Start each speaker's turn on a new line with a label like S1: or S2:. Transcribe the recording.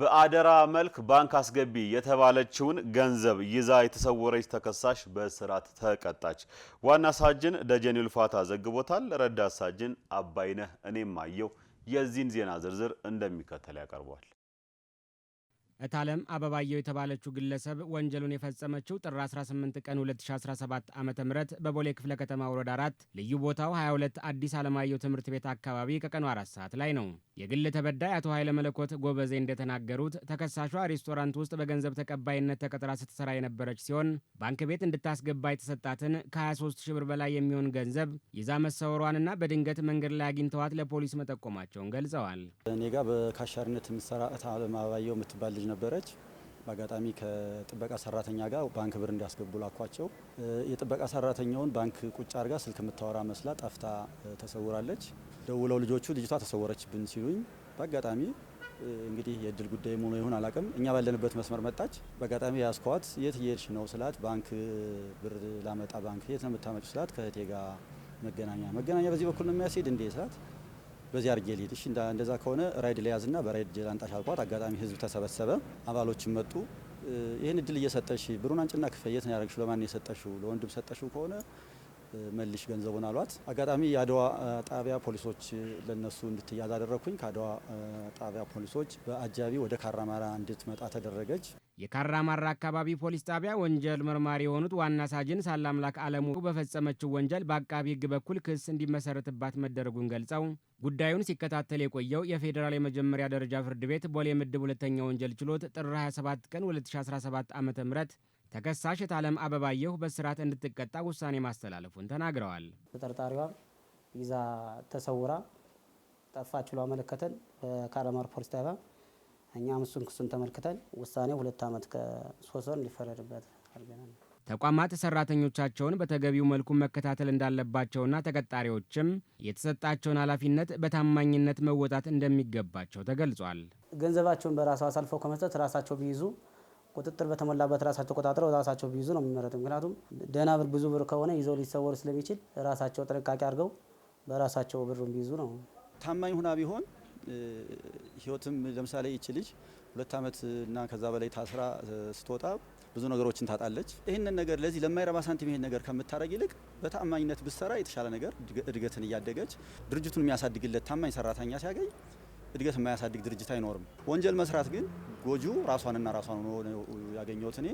S1: በአደራ መልክ ባንክ አስገቢ የተባለችውን ገንዘብ ይዛ የተሰወረች ተከሳሽ በእስራት ተቀጣች። ዋና ሳጅን ደጀኔ ልፋታ ዘግቦታል። ረዳት ሳጅን አባይነህ እኔም አየው የዚህን ዜና ዝርዝር እንደሚከተል ያቀርቧል።
S2: እታለም አበባየው የተባለችው ግለሰብ ወንጀሉን የፈጸመችው ጥር 18 ቀን 2017 ዓ ም በቦሌ ክፍለ ከተማ ወረዳ 4 ልዩ ቦታው 22 አዲስ አለማየሁ ትምህርት ቤት አካባቢ ከቀኑ 4 ሰዓት ላይ ነው። የግል ተበዳይ አቶ ኃይለ መለኮት ጎበዜ እንደተናገሩት ተከሳሿ ሬስቶራንት ውስጥ በገንዘብ ተቀባይነት ተቀጥራ ስትሰራ የነበረች ሲሆን ባንክ ቤት እንድታስገባ የተሰጣትን ከ23 ሺ ብር በላይ የሚሆን ገንዘብ ይዛ መሰወሯንና በድንገት መንገድ ላይ አግኝተዋት ለፖሊስ መጠቆማቸውን ገልጸዋል።
S3: እኔ ጋር በካሻርነት የምትሰራ እታ አለማባየው የምትባል ልጅ ነበረች። በአጋጣሚ ከጥበቃ ሰራተኛ ጋር ባንክ ብር እንዲያስገቡ ላኳቸው። የጥበቃ ሰራተኛውን ባንክ ቁጭ አድርጋ ስልክ የምታወራ መስላ ጠፍታ ተሰውራለች። ደውለው ልጆቹ ልጅቷ ተሰወረችብን ሲሉኝ በአጋጣሚ እንግዲህ የእድል ጉዳይ መሆኑ ይሁን አላቅም፣ እኛ ባለንበት መስመር መጣች። በአጋጣሚ ያስኳት የት እየሄድሽ ነው ስላት፣ ባንክ ብር ላመጣ። ባንክ የት ነው የምታመጪው ስላት፣ ከእህቴ ጋር መገናኛ። መገናኛ በዚህ በኩል ነው የሚያስሄድ እንዴ ስላት በዚህ አድርጌ እሺ እንደዛ ከሆነ ራይድ ለያዝና በራይድ ላንጣሽ አልኳት። አጋጣሚ ህዝብ ተሰበሰበ፣ አባሎችም መጡ። ይህን እድል እየሰጠሽ ብሩን አንጭና ክፈይ፣ የት ነው ያደረግሽው? ለማን ነው የሰጠሽው? ለወንድም ሰጠሽው ከሆነ መልሽ ገንዘቡን አሏት። አጋጣሚ የአድዋ ጣቢያ ፖሊሶች ለነሱ እንድትያዝ አደረግኩኝ። ከአድዋ ጣቢያ ፖሊሶች በአጃቢ ወደ ካራማራ እንድትመጣ ተደረገች።
S2: የካራማራ አካባቢ ፖሊስ ጣቢያ ወንጀል መርማሪ የሆኑት ዋና ሳጅን ሳላምላክ አለሙ በፈጸመችው ወንጀል በአቃቢ ሕግ በኩል ክስ እንዲመሰረትባት መደረጉን ገልጸው ጉዳዩን ሲከታተል የቆየው የፌዴራል የመጀመሪያ ደረጃ ፍርድ ቤት ቦሌ ምድብ ሁለተኛ ወንጀል ችሎት ጥር 27 ቀን 2017 ዓ ም ተከሳሽ የታለም አበባየሁ በስርዓት እንድትቀጣ ውሳኔ ማስተላለፉን ተናግረዋል።
S4: ተጠርጣሪዋ ይዛ ተሰውራ ጠፋ አመለከተን በካራማራ ፖሊስ ጣቢያ እኛም እሱን ክሱን ተመልክተን ውሳኔ ሁለት ዓመት ከሶስት ወር እንዲፈረድበት አድርገናል።
S2: ተቋማት ሰራተኞቻቸውን በተገቢው መልኩ መከታተል እንዳለባቸውና ተቀጣሪዎችም የተሰጣቸውን ኃላፊነት በታማኝነት መወጣት እንደሚገባቸው ተገልጿል።
S4: ገንዘባቸውን በራሱ አሳልፈው ከመስጠት ራሳቸው ቢይዙ ቁጥጥር በተሞላበት ራሳቸው ቆጣጥረው ራሳቸው ቢይዙ ነው የሚመረጡ። ምክንያቱም ደህና ብር ብዙ ብር ከሆነ ይዘው ሊሰወሩ ስለሚችል ራሳቸው ጥንቃቄ አድርገው በራሳቸው ብሩን ቢይዙ ነው።
S5: ታማኝ ሁና ቢሆን ህይወትም ለምሳሌ ይቺ ልጅ ሁለት ዓመት እና ከዛ በላይ ታስራ ስትወጣ ብዙ ነገሮችን ታጣለች። ይህንን ነገር ለዚህ ለማይረባ ሳንቲም ይህን ነገር ከምታደረግ ይልቅ በታማኝነት ብትሰራ የተሻለ ነገር እድገትን እያደገች ድርጅቱን የሚያሳድግለት ታማኝ ሰራተኛ ሲያገኝ እድገት የማያሳድግ ድርጅት አይኖርም። ወንጀል መስራት ግን ጎጁ ራሷንና ራሷን ሆኖ ያገኘሁት እኔ